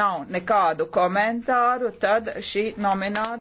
nav nekādu komentāru, tad šī nominācija.